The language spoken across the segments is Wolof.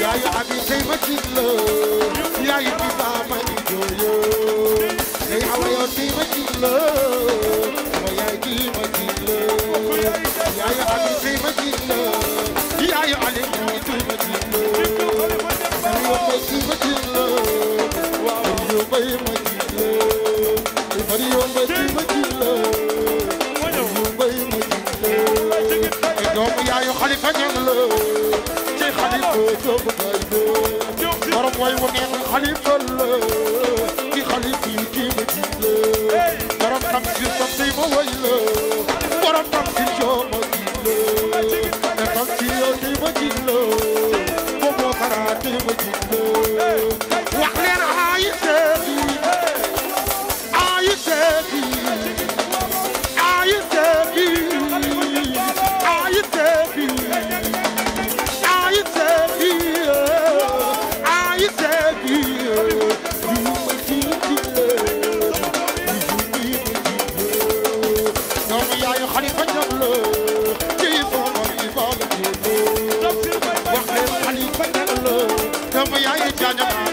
yaayu abi tey ma tiit la yaayu bi ba ma di jooyo tey awa yow tey ma tiit la ma yaay di ma tiit la yaayu abi tey ma tiit la yaayu ali mu tey ma tiit la yow bay tey ma tiit la waaw yow bay ma tiit la bari yow bay tey ma tiit la yow bay ma tiit la doomu yaayu xalifa ñang la xalifa jóg gaynde borom way wu neex xalifa la ki xalifi ki ma jiit la borom xam si sotti ma way la borom xam si joo ma ñoom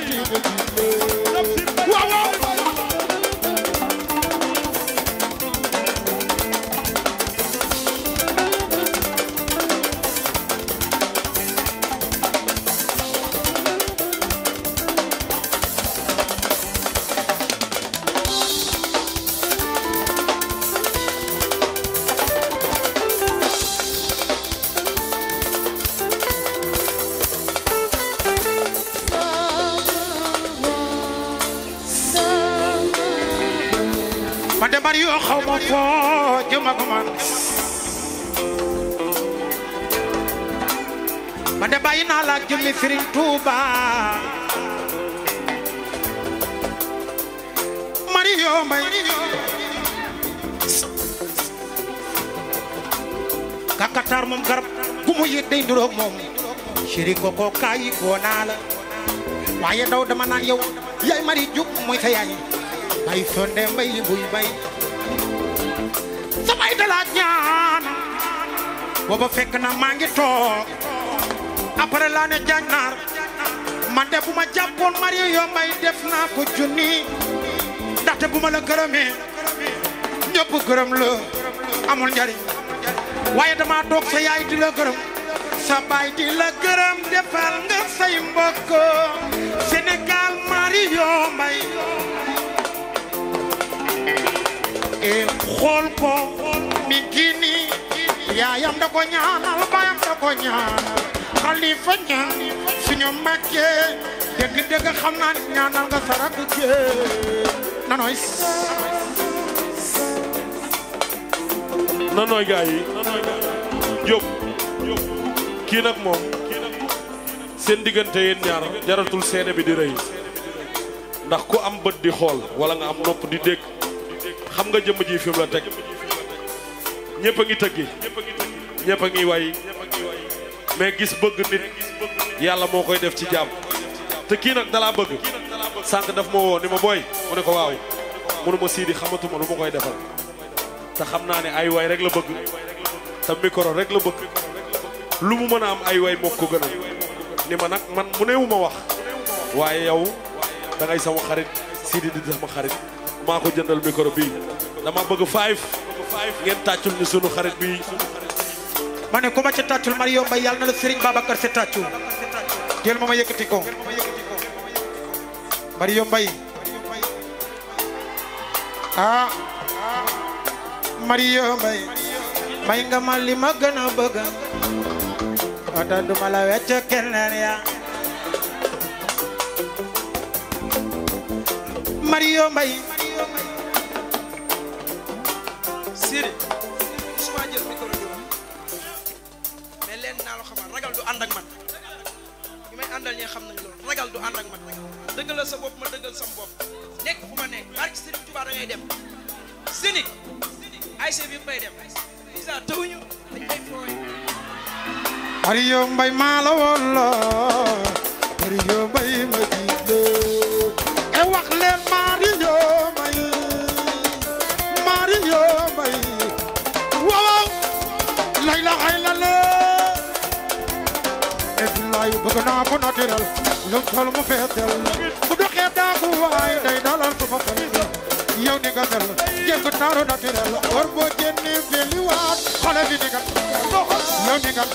bari yoo xaw ma foo jëm bàyyi naa la jëmmi Sëriñ Tuuba Mario Mbay kakatar moom garab ku mu yit day nduroog moom chéri koko kayi goo naa la waaye daw dama naan yow yaay mari jub mooy sa yaay bay sonde mbay buy bay samay dalaaj ñaan booba fekk na maa ngi toog après laa ne jaañ naar ma jàppoon Marie yoo may def naa ko bu ma la gërëmee ñëpp gërëm la amul njariñ waaye dama toog sa yaay sa baay di la gërëm nga say mbokk Sénégal Marie yoo may xool ko mi ngi nii yaayam da ko ñaanal baayam da ko ñaanal xalifa ñaan suñu màggee dëgg-dëgg xam naa ni ñaanal nga sarak jee nanooy nanooy gaa yi Jóob kii nag moom seen diggante yéen ñaar jaratul seede bi di rëy ndax ku am bët di xool wala nga am nopp di dégg xam nga jëmm ji fi mu la teg ñëpp a ngi tëggi ñëpp a ngi way mais gis bëgg nit yàlla moo koy def ci jaam te kii nag dalaa bëgg sànq daf ma woo ni ma booy mu ne ko waaw mënu ma siidi xamatuma lu ma koy defal te xam naa ne ay way rek la bëgg te micro rek la bëgg lu mu mën a am ay way moo ko gënal ni ma nag man mu newu ma wax waaye yow da ngay sama xarit siidi di sama xarit maa ko jëndal micro bi dama bëgg five ngeen tàccul ñu sunu xarit bi ma ne ku ma ca tàccul Mario Mbaye yàlla na la Serigne Babacar Sy tàccu jël ma ma yëkkati ko Mario Mbaye ah. may nga ma li ma gën a bëgg ata duma la wecc keneen ya Mario Mbaye lenn naa la xamal ragal du ànd ak man ñi may àndal ñee xam nañ loolu ragal du ànd ak man dëggalal sa bopp ma dëggal sam bopp nekk fu ma nekk barke Sëriñ Tuubaa da ngay dem Zénith ASC bi bay dem isa tawuñu dañ koy fooy ari yo mbay maa la woon la ari yo mbay ma jiite e wax leen maa naa ko naturel lu sol mu feetel bu doxee daagu waay day dalal sama xel bi yow ni nga mel jéngu a naturel war boo génni beliwaat xale bi ni nga yow ni nga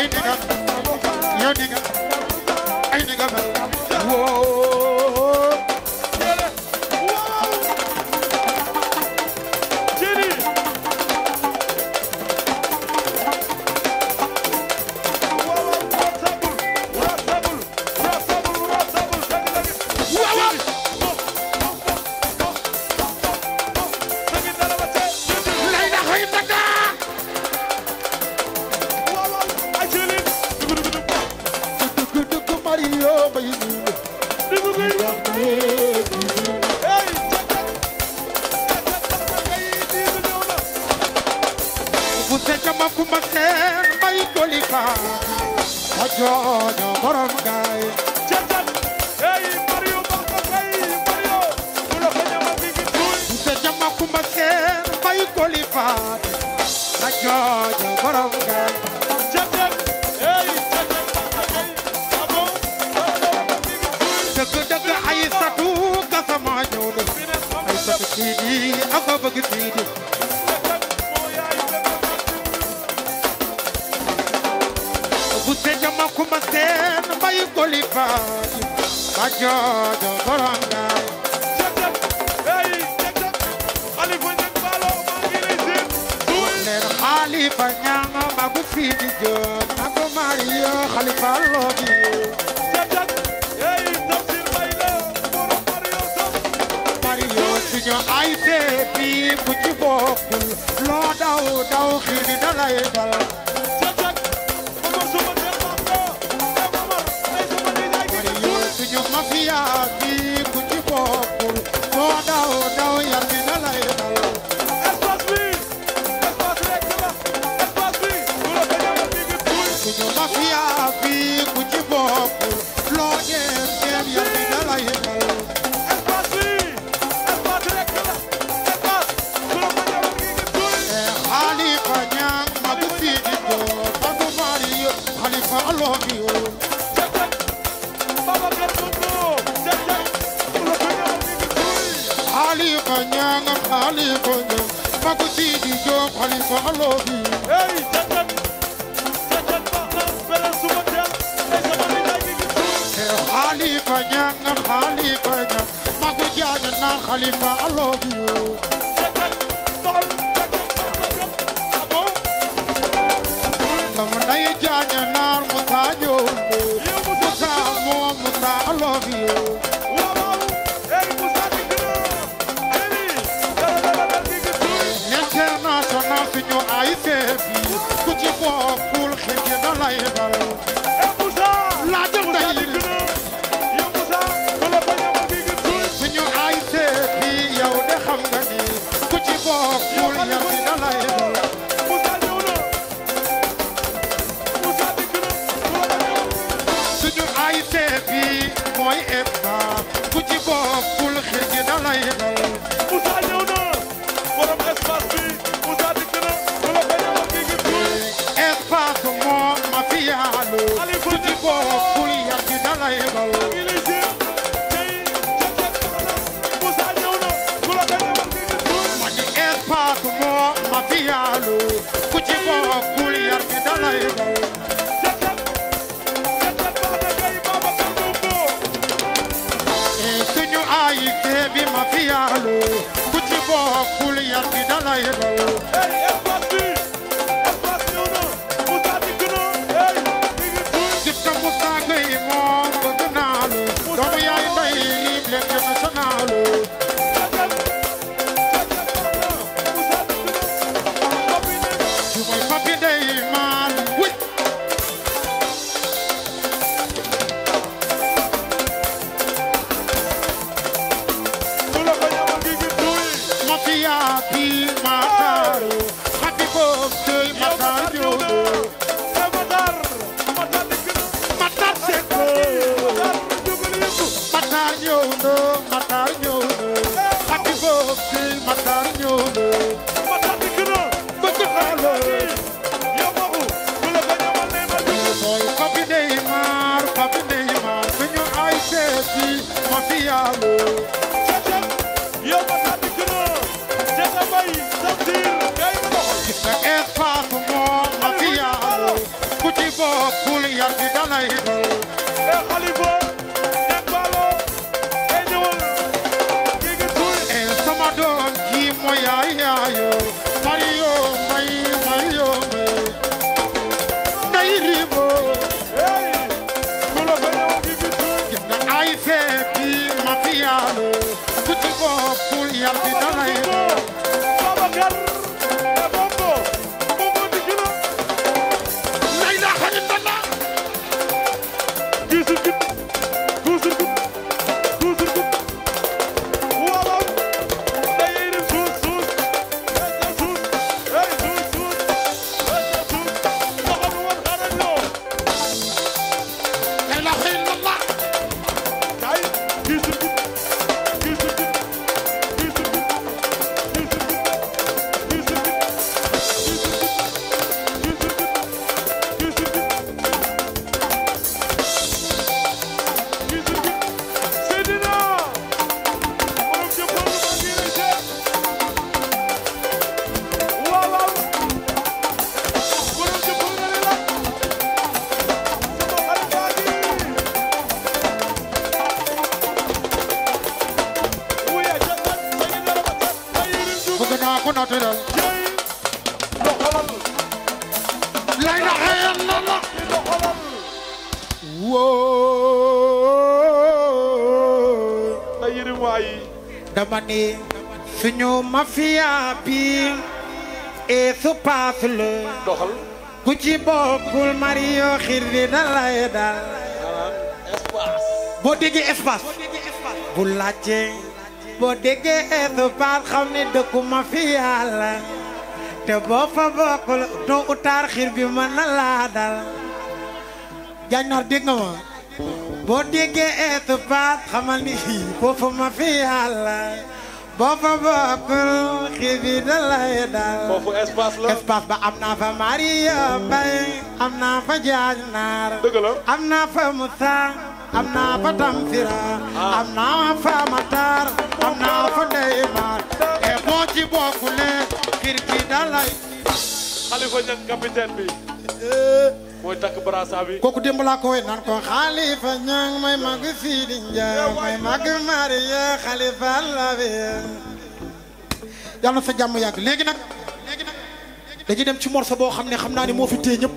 ay ni nga yow ni nga ay ni nga coono borom gaay jaajal ey Mario baka kay Mario bu la ko ñama fi fi tuuy te jama kumba seen bay ko li faat na coono borom gaay jaajal ey jaajal baka kay abo dëgg dëgg ay satu gasama ñëw na ay satu sii di aka bëgg sii di Ute jama kuma sen mayu kolifa Bajo do goranga Khalifa nyanga magu fi di jo Ako Mario Khalifa lobi Jatak Hey tafsir bayla Boro Mario taf Mario sinyo ay baby Kuchi bokul Lo daw daw khini dalay dal Khalifa, I love you. Someday, John, and I'm Musa, you. Musa, more Musa, I love you. International, I say, could you walk cool, hit you the label? lay seefi mooy EBA ku ci bokkul xel gi da lay dal. Moussa ñëw na borom espace bi Moussa dikk na a ma fi yaalu. da lay dal. espace moo ma fi yaalu. ku ci bokkul yàq gi da lay dal. yàlla dina may woo ay yërim waay dama ni suñu mafia bi et su paas la ku ci bokkul Mario xir di da lay dal boo déggee espace bu laajte boo déggee espace xam ne dëkku la te boo fa bokkul doo utaar xir bi mën na laa dal jaañ naar dégg ma boo déggee eetu baat xamal ni foofu fi yàlla boo fa bokkul xibi da lay dal foofu espace la espace ba am naa fa Maria Bay am naa fa jaañ naar am naa fa Moussa am naa fa Tamsira ah. am naa fa Matar am naa fa Neymar e boo ci bokkule kir ki da lay xalifa ñan capitaine bi mooy takk brassard kooku démb laa ko wey naan ko xalifa ñang may mag fii di Ndiaye may mag Maria xalifa la bi yàlla na sa jàmm yàgg léegi nag léegi dem ci morceau boo xam ne xam naa ne moo fi tee ñëpp.